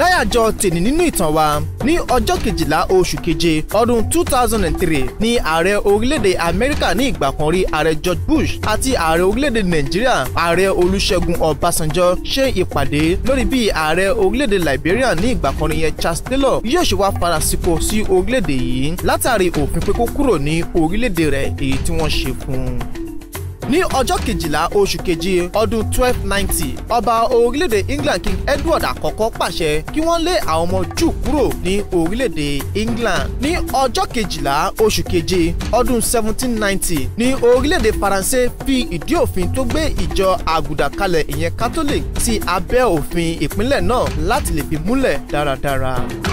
láyàjọ tèmi nínú ìtàn wa ní ọjọ́ kejìlá oṣù keje ọdún two thousand and three ní ààrẹ orílẹ̀-èdè amẹ́ríkà ní ìgbà kan rí ààrẹ george bush àti ààrẹ orílẹ̀-èdè nàìjíríà ààrẹ olúṣẹ́gun ọbásanjọ́ ṣe ìpàdé lórí bí ààrẹ orílẹ̀-èdè liberia ní ìgbà kan yẹn charles taylor yóò ṣe wá farasíkò sí orílẹ̀-èdè yìí látàrí òfin pé kó kúrò ní orílẹ̀-èdè rẹ̀ èyí tí wọ́n ṣe fún un ní ọjọ́ kejìlá oṣù keje ọdún twelve ninety ọba orílẹ̀-èdè England King Edward àkọ́kọ́ pàṣẹ kí wọ́n lé àwọn ọmọ Júù kúrò ní orílẹ̀-èdè England ní ọjọ́ kejìlá oṣù keje ọdún seventeen ninety ní orílẹ̀-èdè Faransé fi ìdí òfin tó gbé ìjọ àgùdà kalẹ̀ ìyẹn Catholic sí abẹ́ òfin ìpínlẹ̀ náà láti lè fi múlẹ̀ dáradára.